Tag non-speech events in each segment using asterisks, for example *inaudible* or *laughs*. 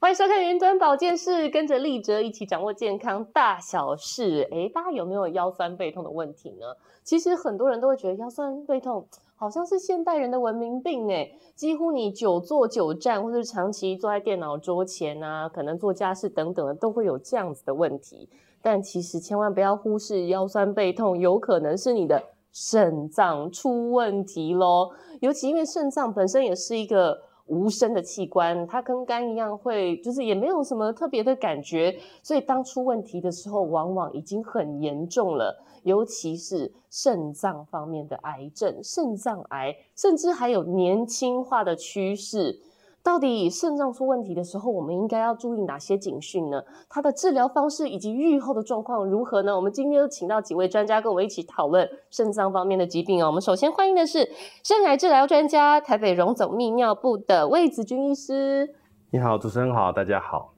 歡迎收看雲端保健室，跟着立喆一起掌握健康大小事誒。大家有沒有腰酸背痛的問題呢？其實很多人都會覺得腰酸背痛好像是現代人的文明病哎，幾乎你久坐久站，或是長期坐在電腦桌前啊，可能做家事等等的，都會有這樣子的問題。但其實千萬不要忽視腰酸背痛，有可能是你的腎臟出問題咯。尤其因為腎臟本身也是一個無聲的器官，它跟肝一樣會，會就是也沒有什麼特別的感覺，所以當出問題的時候，往往已經很嚴重了。尤其是腎臟方面的癌症，腎臟癌，甚至還有年輕化的趨勢。到底腎臟出問題的時候，我們應該要注意哪些警訊呢？它的治療方式以及預後的狀況如何呢？我們今天又請到幾位專家跟我一起討論腎臟方面的疾病哦、喔。我們首先歡迎的是腎癌治療專家、台北榮總泌尿部的魏子鈞醫師，你好。主持人好，大家好。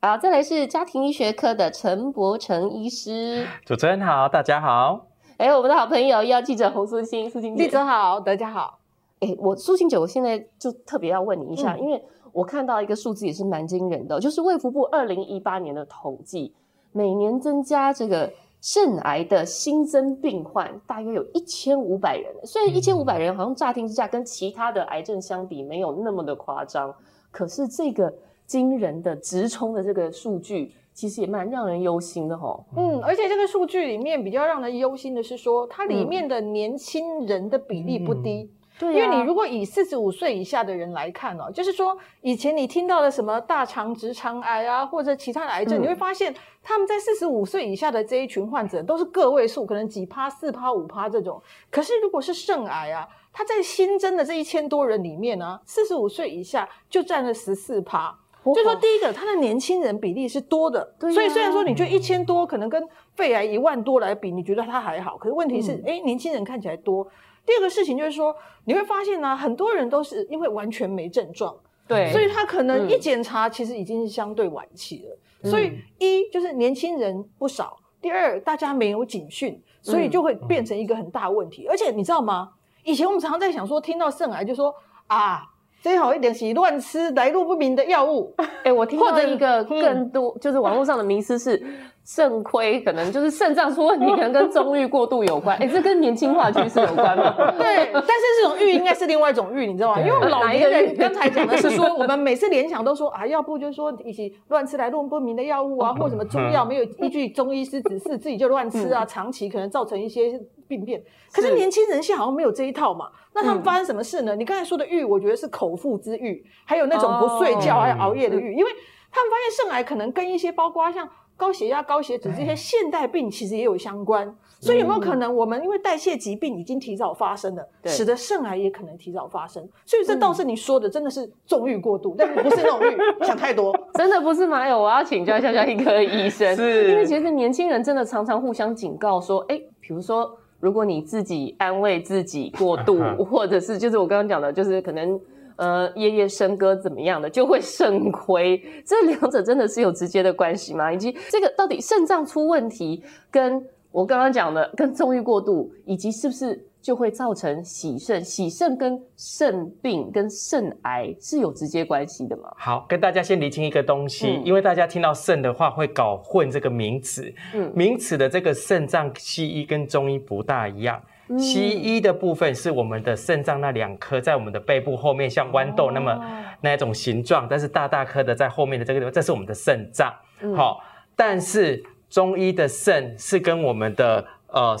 好，再來是家庭醫學科的陳柏臣醫師，主持人好，大家好。哎、欸，我們的好朋友醫藥記者洪素卿，素卿姐。記者好，大家好。哎，我素卿酒。我現在就特別要問你一下、嗯，因為我看到一個數字也是蠻驚人的、哦，就是衛福部二零一八年的統計，每年增加這個腎癌的新增病患大約有一千五百人。雖然一千五百人好像乍聽之下跟其他的癌症相比沒有那麼的誇張，可是這個驚人的直衝的這個數據，其實也蠻讓人憂心的吼、哦。嗯，而且這個數據裡面比較讓人憂心的是說，它裡面的年輕人的比例不低。嗯嗯因為你如果以四十五歲以下的人來看哦，就是說以前你聽到了什麼大腸直腸癌啊，或者其他的癌症，你會發現他們在四十五歲以下的這一群患者都是個位數，可能幾趴、四趴、五趴這種。可是如果是腎癌啊，他在新增的這一千多人裡面呢，四十五歲以下就占了十四趴，就是說第一個他的年輕人比例是多的，所以雖然說你覺得一千多可能跟肺癌一萬多來比，你覺得他還好，可是問題是，誒，年輕人看起來多。第二個事情就是說，你會發現呢、啊，很多人都是因為完全沒症狀，對，所以他可能一檢查其實已經是相對晚期了。嗯、所以一就是年輕人不少，第二大家沒有警訊，所以就會變成一個很大問題、嗯。而且你知道嗎？以前我們常常在想說，聽到腎癌就說啊。最好一點是亂吃來路不明的藥物。哎、欸，我聽到一個更多，更多就是網絡上的迷思是腎虧，可能就是腎臟出問題， *laughs* 可能跟縱欲過度有關。誒、欸，這跟年輕化趨勢有關嘛？ *laughs* 對，但是這種欲應該是另外一種欲，你知道嗎？對對對，因為老年人剛才講的是說，我們每次聯想都說啊，要不就說是說一起亂吃來路不明的藥物啊， *laughs* 或什麼中藥沒有依據中醫師指示自己就亂吃啊、嗯，長期可能造成一些。病變，可是年輕人現在好像沒有這一套嘛？那他們發生什麼事呢？嗯、你剛才說的欲，我覺得是口腹之欲，還有那種不睡覺、愛熬夜的欲、哦嗯。因為他們發現腎癌可能跟一些包括像高血壓、高血脂這些現代病其實也有相關。所以有沒有可能我們因為代謝疾病已經提早發生了，嗯、使得腎癌也可能提早發生？所以這倒是你說的，真的是縱欲過度，嗯、但是不是那種欲 *laughs* 想太多？真的不是嗎？有我要請教，教，教，教一下泌尿科醫生是，因為其實年輕人真的常常互相警告說，誒、欸，比如說。如果你自己安慰自己過度， *laughs* 或者是就是我剛剛講的，就是可能呃夜夜笙歌怎麼樣的，就會腎虧，這兩者真的是有直接的關係嗎？以及這個到底腎臟出問題，跟我剛剛講的跟縱慾過度，以及是不是？就會造成洗腎，洗腎跟腎病、跟腎癌是有直接關係的嘛？好，跟大家先釐清一個東西，嗯，因為大家聽到腎的話會搞混這個名詞。嗯、名詞的這個腎臟，西醫跟中醫不大一樣。嗯、西醫的部分是我們的腎臟那兩顆，在我們的背部後面，像豌豆那麼、哦、那種形狀，但是大大顆的在後面的這個地方，這是我們的腎臟。好、嗯哦，但是中醫的腎是跟我們的呃。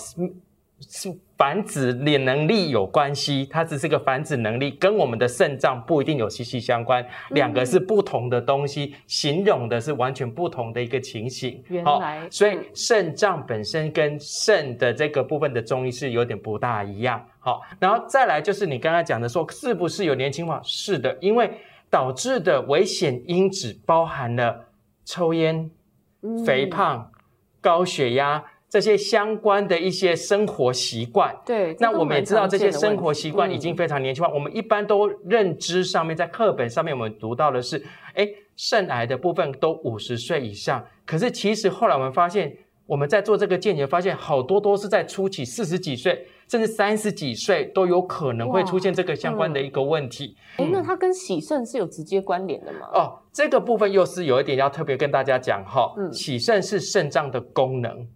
是繁殖能力有關係，它只是個繁殖能力，跟我們的腎臟不一定有息息相關，兩、嗯、個是不同的東西，形容的是完全不同的一個情形。原來，哦、所以腎臟本身跟腎的這個部分的中醫是有點不大一樣。好、嗯，然後再來就是你剛剛講的說，是不是有年輕化？是的，因為導致的危險因子包含了抽菸、嗯、肥胖、高血壓。這些相關的一些生活習慣，對，那我們也知道這些生活習慣已經非常年輕化。嗯、輕化我們一般都認知上面，在課本上面我們讀到的是，哎，腎癌的部分都五十歲以上。可是其實後來我們發現，我們在做這個鑑別，發現好多都是在初期四十幾歲，甚至三十幾歲都有可能會出現這個相關的一個問題。嗯嗯、誒那它跟洗腎是有直接關聯的嗎？哦，這個部分又是有一點要特別跟大家講哈，嗯，洗腎是腎臟的功能。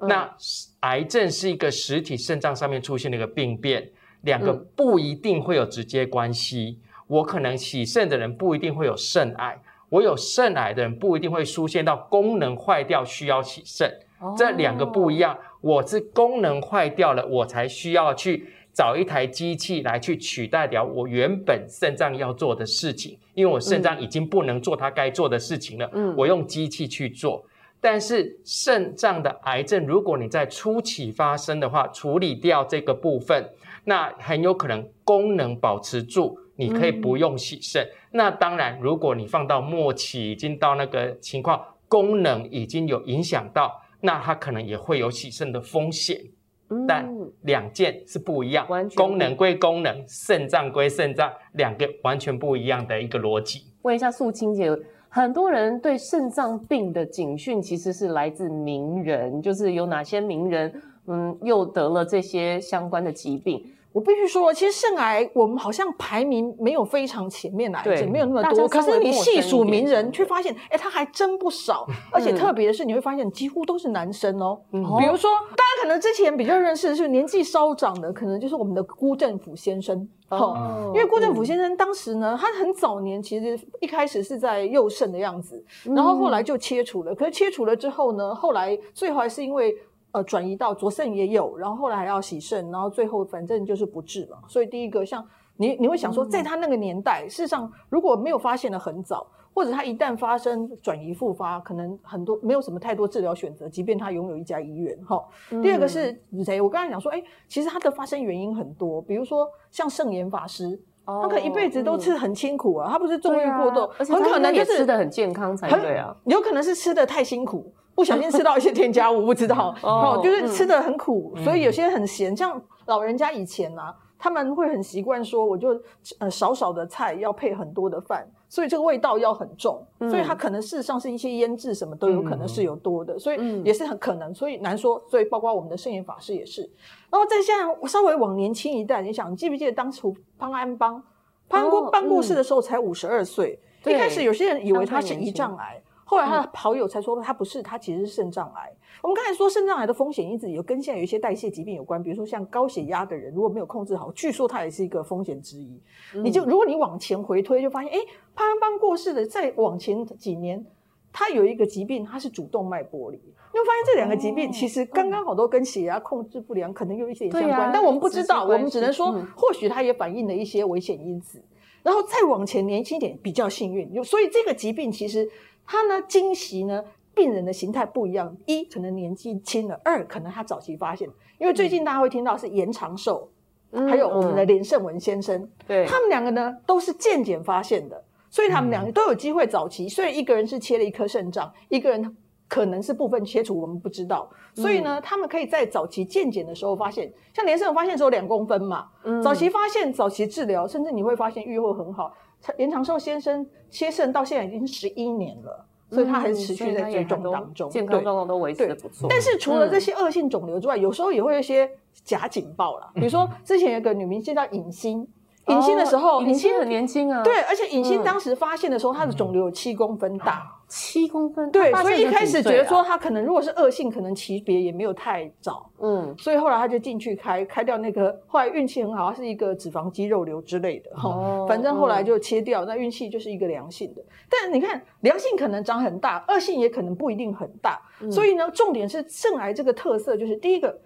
嗯、那癌症是一個實體腎臟上面出現的一個病變，兩個不一定會有直接關係。嗯、我可能洗腎的人不一定會有腎癌，我有腎癌的人不一定會出現到功能壞掉需要洗腎。哦、這兩個不一樣，我是功能壞掉了，我才需要去找一台機器來去取代掉我原本腎臟要做的事情，因為我腎臟已經不能做它該做的事情了、嗯，我用機器去做。但是腎臟的癌症，如果你在初期發生的話，處理掉這個部分，那很有可能功能保持住，你可以不用洗腎、嗯。那當然，如果你放到末期，已經到那個情況，功能已經有影響到，那它可能也會有洗腎的風險、嗯。但兩件是不一樣，功能歸功能，腎臟歸腎臟，兩個完全不一樣的一個邏輯。問一下素卿姐。很多人對腎臟病的警訊其實是來自名人，就是有哪些名人，嗯，又得了這些相關的疾病。我必須說，其實腎癌我們好像排名沒有非常前面來，對，沒有那麼多。大可是你細數名人，卻發現，誒、嗯欸、他還真不少。而且特別的是，你會發現幾乎都是男生哦、嗯、哦。比如說，大家可能之前比較認識的是年紀稍長的，可能就是我們的辜振甫先生。哦哦嗯、因為辜振甫先生當時呢，他很早年其實一開始是在右腎的樣子，然後後來就切除了、嗯。可是切除了之後呢，後來最後還是因為。呃，轉移到左腎也有，然後後來還要洗腎，然後最後反正就是不治嘛。所以第一個，像你，你會想說，在他那個年代、嗯，事實上如果沒有發現的很早，或者他一旦發生轉移復發，可能很多沒有什麼太多治療選擇，即便他擁有一家醫院，哈、嗯。第二個是誰？我剛才講說，哎、欸，其實他的發生原因很多，比如說像聖嚴法師，哦、他可能一輩子都吃很清苦啊、嗯，他不是縱欲過度、啊，很可能也吃的很健康才對啊，有可能是吃的太辛苦。 *laughs* 不小心吃到一些添加物， *laughs* 不知道、oh, 哦，就是吃的很苦、嗯，所以有些人很鹹、嗯。像老人家以前啊，他們會很習慣說，我就呃少少的菜要配很多的飯，所以這個味道要很重，嗯、所以它可能事實上是一些醃製什麼都有、嗯、可能是有多的，所以也是很可能，所以難說。所以包括我們的聖嚴法師也是。然後再像稍微往年輕一代，你想，你記不記得當初潘安邦潘安邦辦、oh, 嗯、故室的時候才五十二歲，一開始有些人以為他是胰臟癌。後來他的好友才說，他不是，他其實是腎臟癌。我們剛才說腎臟癌的風險因子有跟現在有一些代謝疾病有關，比如說像高血壓的人如果沒有控制好，據說它也是一個風險之一。嗯、你就如果你往前回推，就發現誒潘安邦過世的再往前幾年，他有一個疾病，他是主動脈剝離。你會發現這兩個疾病其實剛剛好多跟血壓控制不良、嗯、可能有一些相關、啊，但我們不知道，我們只能說、嗯、或許他也反映了一些危險因子。然後再往前年輕一點，比較幸運，所以這個疾病其實。他呢？驚喜呢？病人的形態不一樣，一可能年紀輕了，二可能他早期發現。因為最近大家會聽到是嚴長壽、嗯，還有我們的連勝文先生，嗯嗯、對，他們兩個呢都是健檢發現的，所以他們兩個都有機會早期。所以一個人是切了一顆腎臟，一個人可能是部分切除，我們不知道。所以呢，嗯、他們可以在早期健檢的時候發現，像連勝文發現只有兩公分嘛、嗯，早期發現、早期治療，甚至你會發現預後很好。嚴長壽先生切腎到現在已經十一年了，嗯，所以他還是持續在追蹤當中，健康狀況都維持的不錯。但是除了這些惡性腫瘤之外，嗯，有時候也會有一些假警報啦，比如說之前有一個女明星叫尹欣。 *laughs* 隱星的時候，隱星很年輕啊、啊。對，而且隱星當時發現的時候，她、嗯、的腫瘤有七公分大，嗯哦、七公分大、啊。對，所以一開始覺得說她可能如果是惡性，可能期別也沒有太早。嗯，所以後來她就進去開開掉那個，後來運氣很好，他是一個脂肪肌肉瘤之類的哈、嗯哦。反正後來就切掉，嗯、那運氣就是一個良性的。但你看，良性可能長很大，惡性也可能不一定很大。嗯、所以呢，重點是腎癌這個特色就是第一個，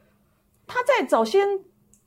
她在早先。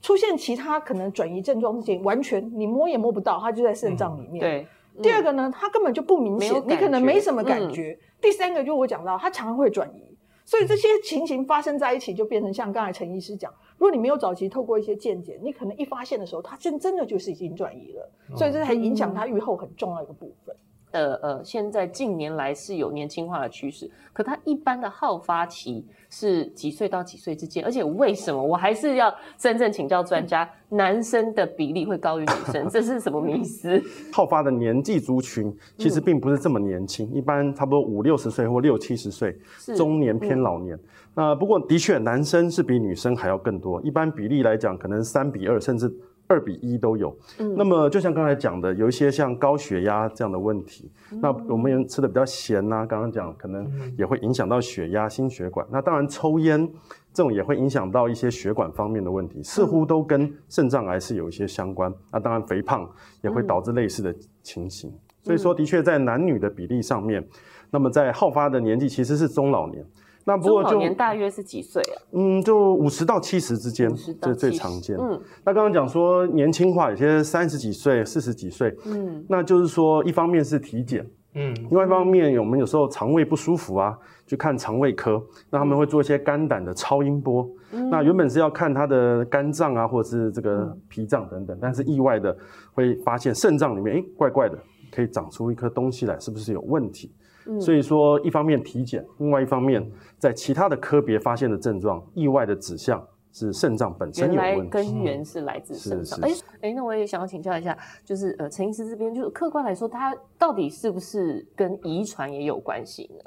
出現其他可能轉移症狀之前，完全你摸也摸不到，它就在腎臟裡面。嗯、對、嗯，第二個呢，它根本就不明顯，你可能沒什麼感覺、嗯。第三個就我講到，它常常會轉移，所以這些情形發生在一起，就變成像剛才陳醫師講，如果你沒有早期透過一些健檢，你可能一發現的時候，它真真的就是已經轉移了，所以這還影響它預後很重要一個部分。嗯嗯呃呃，現在近年來是有年輕化的趨勢，可它一般的好發期是幾歲到幾歲之間，而且為什麼我還是要真正請教專家，男生的比例會高於女生， *laughs* 這是什麼迷思？好發的年紀族群其實並不是這麼年輕，嗯、一般差不多五六十歲或六七十歲，中年偏老年。那、嗯呃、不過的確，男生是比女生還要更多，一般比例來講，可能三比二甚至。二比一都有，嗯，那麼就像剛才講的，有一些像高血壓這樣的問題，嗯、那我們也吃的比較鹹吶，啊，剛剛講可能也會影響到血壓、心血管。嗯、那當然抽菸這種也會影響到一些血管方面的問題，似乎都跟腎臟癌是有一些相關。嗯、那當然肥胖也會導致類似的情形。嗯、所以說，的確在男女的比例上面，那麼在好發的年紀其實是中老年。那不過就年大約是幾歲啊？嗯，就五十到七十之間，這是最常見。嗯，那剛剛講說年輕化，有些三十幾歲、四十幾歲，嗯，那就是說，一方面是體檢，嗯，另外一方面我們有時候腸胃不舒服啊，去、嗯、看腸胃科、嗯，那他們會做一些肝膽的超音波、嗯，那原本是要看他的肝臟啊，或者是這個脾臟等等、嗯，但是意外的會發現腎臟裡面，誒，怪怪的，可以長出一顆東西來，是不是有問題？所以說，一方面體檢，另外一方面在其他的科別發現的症狀，意外的指向是腎臟本身有問題。根源是來自腎臟。哎，嗯，欸欸，那我也想要請教一下，就是呃，陳醫師這邊，就是客觀來說，他到底是不是跟遺傳也有關係呢？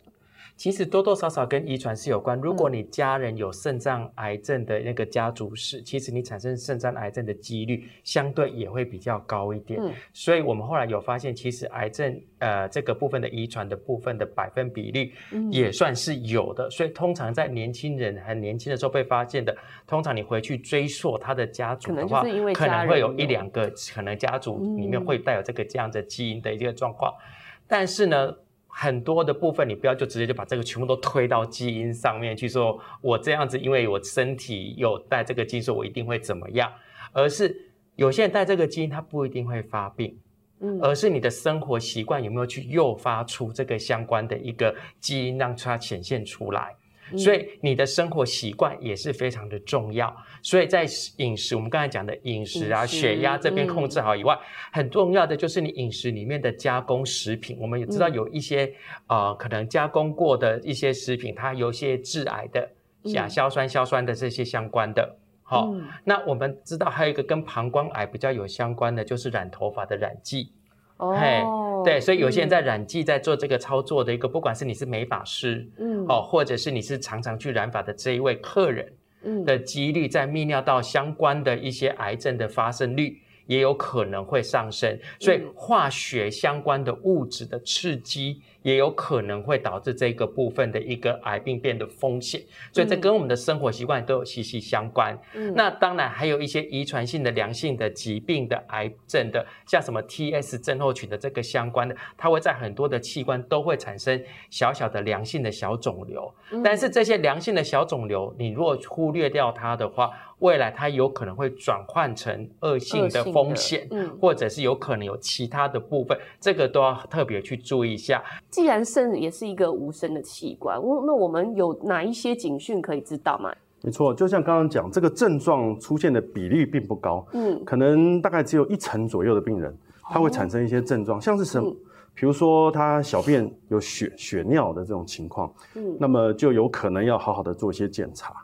其實多多少少跟遺傳是有關。如果你家人有腎臟癌症的那個家族史，嗯、其實你產生腎臟癌症的幾率相對也會比較高一點。嗯、所以我們後來有發現，其實癌症呃這個部分的遺傳的部分的百分比率也算是有的。嗯、所以通常在年輕人很年輕的時候被發現的，通常你回去追溯他的家族的話，可能，有可能會有一兩個可能家族裡面會帶有這個這樣的基因的一個狀況。嗯、但是呢。嗯很多的部分，你不要就直接就把這個全部都推到基因上面去說，我這樣子，因為我身體有帶這個基因，所以我一定會怎麼樣。而是有些人帶這個基因，他不一定會發病，嗯，而是你的生活習慣有沒有去誘發出這個相關的一個基因，讓它顯現出來。所以你的生活習慣也是非常的重要，所以在飲食，我們剛才講的飲食啊、食血壓這邊控制好以外，嗯，很重要的就是你飲食裡面的加工食品，我們也知道有一些啊、嗯呃，可能加工過的一些食品，它有一些致癌的，亞硝酸、硝酸的這些相關的。好、哦嗯，那我們知道還有一個跟膀胱癌比較有相關的，就是染頭髮的染劑。哦。嘿對，所以有些人在染劑在做這個操作的一個，嗯、不管是你是美髮師，嗯、哦，或者是你是常常去染髮的這一位客人，嗯，的幾率在泌尿道相關的一些癌症的發生率也有可能會上升，所以化學相關的物質的刺激、嗯。嗯也有可能會導致這個部分的一個癌病變的風險，所以這跟我們的生活習慣都有息息相關。那當然還有一些遺傳性的良性的疾病的癌症的，像什麼 TS 症候群的這個相關的，它會在很多的器官都會產生小小的良性的小腫瘤。但是這些良性的小腫瘤，你如果忽略掉它的話，未來它有可能會轉換成惡性的風險，或者是有可能有其他的部分，這個都要特別去注意一下。既然腎也是一個無聲的器官，那我們有哪一些警訊可以知道嗎？沒錯，就像剛剛講，這個症狀出現的比例並不高，嗯，可能大概只有一成左右的病人，他會產生一些症狀，哦、像是什麼，嗯、比如說他小便有血血尿的這種情況，嗯，那麼就有可能要好好的做一些檢查。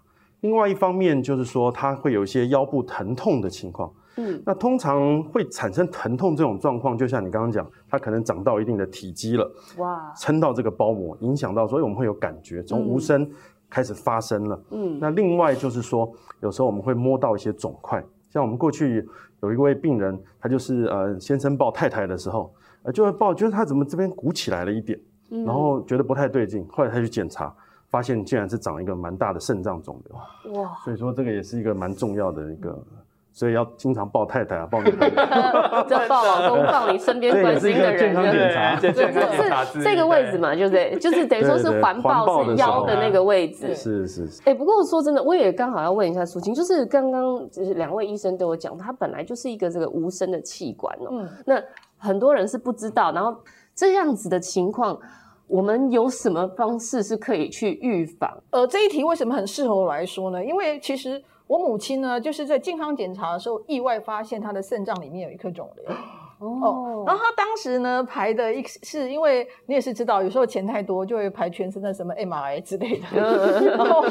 另外一方面就是說，他會有一些腰部疼痛的情況。嗯，那通常會產生疼痛這種狀況，就像你剛剛講，它可能長到一定的體積了，哇，撐到這個包膜，影響到說，哎，所以我們會有感覺，從無聲開始發聲了。嗯，那另外就是說，有時候我們會摸到一些腫塊，像我們過去有一位病人，他就是呃先生抱太太的時候，呃就會抱，覺得，就是他怎麼這邊鼓起來了一點，嗯，然後覺得不太對勁，後來他去檢查，發現竟然是長一個蠻大的腎臟腫瘤。哇，所以說這個也是一個蠻重要的一個。嗯所以要經常抱太太啊，抱你，就 *laughs* 抱老公，抱你身邊關心的人。健康檢查，對對、就是、這個位置嘛，對就是就是等於說是環抱，是腰的那個位置。對對對是是是。哎、欸，不過說真的，我也剛好要問一下素卿，就是剛剛就是兩位醫生對我講，他本來就是一個這個無聲的器官哦、喔嗯。那很多人是不知道，然後這樣子的情況，我們有什麼方式是可以去預防？呃，這一題為什麼很適合我來說呢？因為其實。我母親呢，就是在健康檢查的時候意外發現她的腎臟裡面有一顆腫瘤。哦哦、然後她當時呢排的一是因為你也是知道，有時候錢太多就會排全身的什麼 MRI 之類的， *laughs* 然後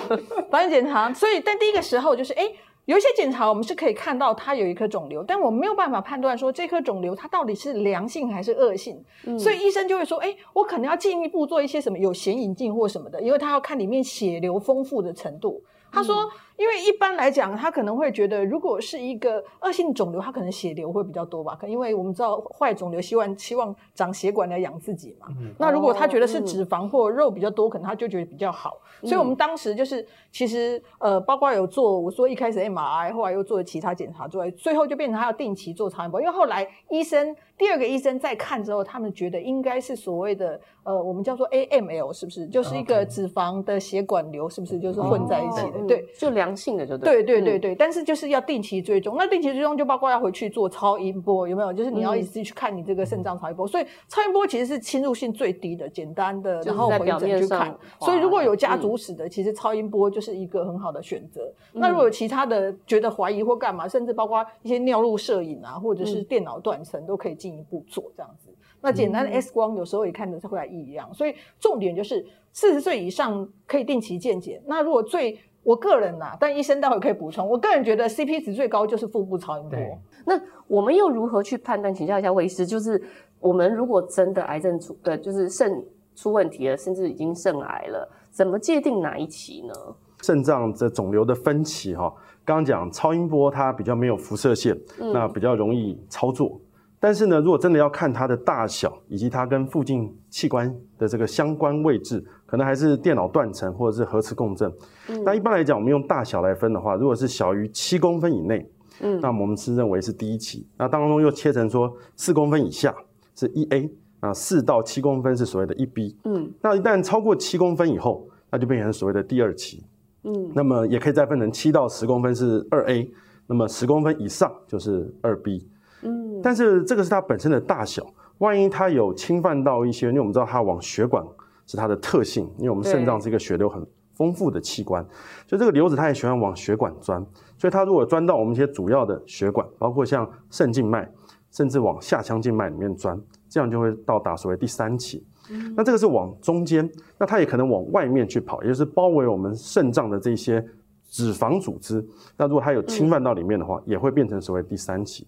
發現檢查。所以，但第一個時候就是，哎，有一些檢查我們是可以看到它有一顆腫瘤，但我們沒有辦法判斷說這顆腫瘤它到底是良性還是惡性。嗯、所以醫生就會說，哎，我可能要進一步做一些什麼有顯影鏡或什麼的，因為他要看裡面血流豐富的程度。他、嗯、說。因為一般來講，他可能會覺得，如果是一個惡性腫瘤，他可能血流會比較多吧？可因為我們知道壞腫瘤希望希望長血管來養自己嘛。嗯。那如果他覺得是脂肪或肉比較多，嗯，可能他就覺得比較好。所以我們當時就是，其實呃，包括有做，我說一開始 MRI，後來又做了其他檢查，之外，最後就變成他要定期做超音波。因為後來醫生第二個醫生在看之後，他們覺得應該是所謂的呃，我們叫做 AML，是不是？就是一個脂肪的血管瘤，是不是？就是混在一起的。Okay. 對，嗯，對，就兩。陽性的就對，對對對，對、嗯、但是就是要定期追蹤。那定期追蹤就包括要回去做超音波，有沒有？就是你要自己去看你這個腎臟超音波、嗯。所以超音波其實是侵入性最低的，簡單的，就是、的然後回診去看。所以如果有家族史的、嗯，其實超音波就是一個很好的選擇、嗯。那如果有其他的覺得懷疑或幹嘛，甚至包括一些尿路攝影啊，或者是電腦斷層、嗯、都可以進一步做這樣子。那簡單的 X 光有時候也看得出來異樣、嗯。所以重點就是四十歲以上可以定期健檢。那如果最我個人吶、啊，但醫生待會可以補充。我個人覺得 CP 值最高就是腹部超音波。那我們又如何去判斷？請教一下魏醫師，就是我們如果真的癌症出，呃，就是腎出問題了，甚至已經腎癌了，怎麼界定哪一期呢？腎臟的腫瘤的分期。哈，剛剛講超音波它比較沒有輻射線，那比較容易操作。嗯，但是呢，如果真的要看它的大小以及它跟附近器官的這個相關位置，可能還是電腦斷層或者是核磁共振。嗯，那一般來講，我們用大小來分的話，如果是小於七公分以內，嗯，那我們是認為是第一期。那當中又切成說四公分以下是一 A，那四到七公分是所謂的一 B。嗯，那一旦超過七公分以後，那就變成所謂的第二期。嗯，那麼也可以再分成七到十公分是二 A，那麼十公分以上就是二 B。嗯，但是這個是它本身的大小。萬一它有侵犯到一些，因為我們知道它往血管是它的特性，因為我們腎臟是一個血流很豐富的器官，所以這個瘤子它也喜歡往血管鑽。所以它如果鑽到我們一些主要的血管，包括像腎靜脈，甚至往下腔靜脈裡面鑽，這樣就會到達所謂第三期、嗯。那這個是往中間，那它也可能往外面去跑，也就是包圍我們腎臟的這些脂肪組織。那如果它有侵犯到裡面的話，嗯、也會變成所謂第三期。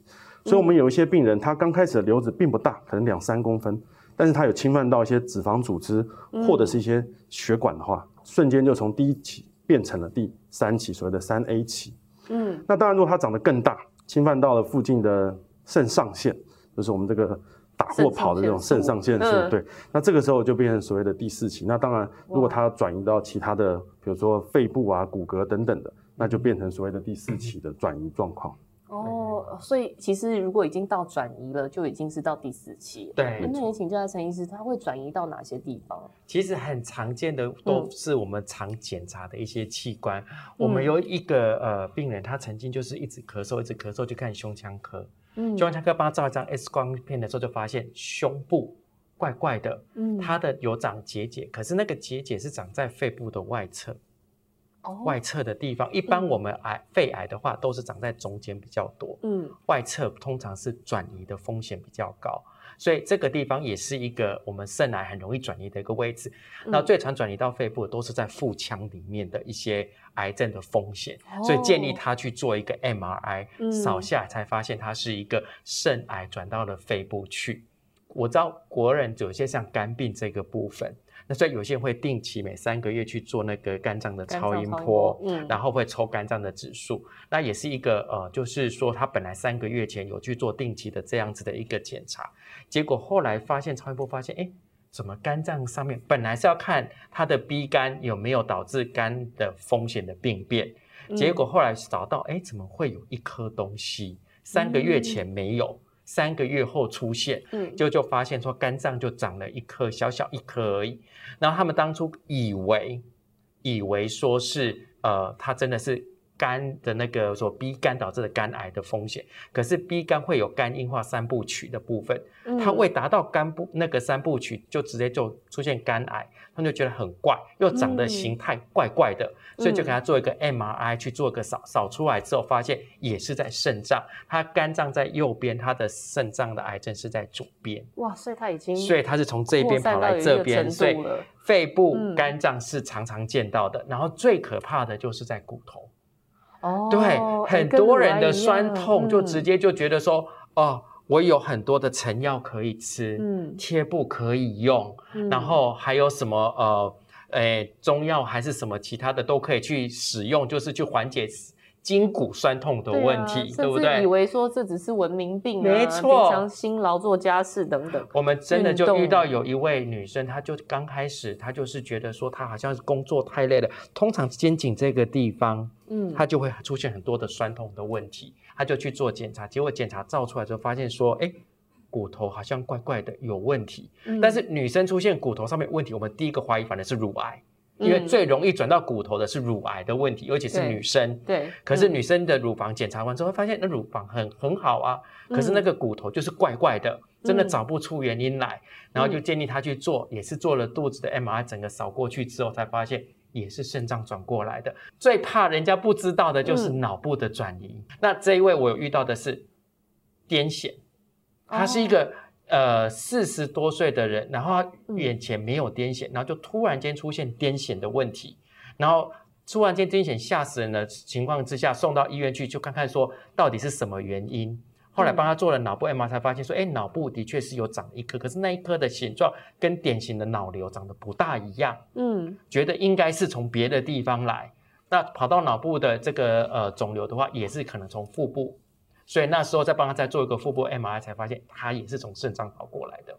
所以，我們有一些病人、嗯，他剛開始的瘤子並不大，可能兩三公分，但是他有侵犯到一些脂肪組織或者是一些血管的話，嗯、瞬間就從第一期變成了第三期，所謂的三 A 期。嗯。那當然，如果他長得更大，侵犯到了附近的腎上腺，就是我們這個打或跑的這種腎上腺，是吧？對。那這個時候就變成所謂的第四期。那當然，如果他轉移到其他的，比如說肺部啊、骨骼等等的，那就變成所謂的第四期的、嗯、轉移狀況。哦。哦、所以，其實如果已經到轉移了，就已經是到第四期了。對，那你請教一下陳醫師，他會轉移到哪些地方？其實很常見的都是我們常檢查的一些器官。嗯、我們有一個呃病人，他曾經就是一直咳嗽，一直咳嗽，就看胸腔科。嗯，胸腔科幫他照一張 X 光片的時候，就發現胸部怪怪的，嗯，他的有長結節，節，可是那個結節，節是長在肺部的外側。外側的地方，一般我們癌肺癌的話，都是長在中間比較多。嗯，外側通常是轉移的風險比較高，所以這個地方也是一個我們腎癌很容易轉移的一個位置。嗯、那最常轉移到肺部都是在腹腔裡面的一些癌症的風險，哦、所以建議他去做一個 MRI 掃下來，才發現他是一個腎癌轉到了肺部去。我知道國人有些像肝病這個部分。那所以有些人會定期每三個月去做那個肝臟的超音波，音波嗯，然後會抽肝臟的指數，那也是一個呃，就是說他本來三個月前有去做定期的這樣子的一個檢查，結果後來發現超音波發現，哎，怎麼肝臟上面本來是要看他的 B 肝有沒有導致肝的風險的病變，結果後來是找到，哎、嗯，怎麼會有一顆東西，三個月前沒有。嗯三個月後出現，嗯，就就發現說肝臟就長了一顆，小小一顆而已，然後他們當初以為，以為說是，呃，他真的是。肝的那個所 B 肝導致的肝癌的風險，可是 B 肝會有肝硬化三部曲的部分，它未達到肝部那個三部曲，就直接就出現肝癌，他們就覺得很怪，又長得形態怪怪的，所以就給他做一個 MRI 去做一個掃，掃出來之後發現也是在腎臟，他肝臟在右邊，他的腎臟的癌症是在左邊。哇，所以他已經，所以他是從這邊跑來這邊，所以肺部肝臟是常常見到的，然後最可怕的就是在骨頭。Oh, 對，很多人的酸痛就直接就覺得說，嗯，哦，我有很多的成藥可以吃，嗯，貼布可以用，嗯，然後還有什麼呃，哎，中藥還是什麼其他的都可以去使用，就是去緩解。筋骨痠痛的問題，對、啊、對不對？以為說，這只是文明病、啊、沒錯，經常辛勞做家事等等。我們真的就遇到有一位女生，她就剛開始，她就是覺得說，她好像是工作太累了，通常肩頸這個地方，嗯，她就會出現很多的痠痛的問題。她就去做檢查，結果檢查照出來之後，發現說，哎，骨頭好像怪怪的，有問題、嗯。但是女生出現骨頭上面問題，我們第一個懷疑反正是乳癌。因為最容易轉到骨頭的是乳癌的問題，尤、嗯、其是女生對。對，可是女生的乳房檢查完之後，發現那乳房很、嗯、很好啊，可是那個骨頭就是怪怪的，嗯、真的找不出原因來。嗯、然後就建議她去做，也是做了肚子的 MRI，整個掃過去之後，才發現也是腎臟轉過來的。最怕人家不知道的就是腦部的轉移。嗯、那這一位我有遇到的是癲癇，他、哦、是一個。呃，四十多歲的人，然後他眼前沒有癲癇，嗯，然後就突然間出現癲癇的問題，然後突然間癲癇嚇死人的情況之下，送到醫院去就看看說到底是什麼原因。後來幫他做了腦部 M R，才發現說，嗯，哎，腦部的確是有長一顆，可是那一顆的形狀跟典型的腦瘤長得不大一樣。嗯，覺得應該是從別的地方來，那跑到腦部的這個呃腫瘤的話，也是可能從腹部。所以那時候再幫他再做一個腹部 MRI，才發現他也是從腎臟跑過來的。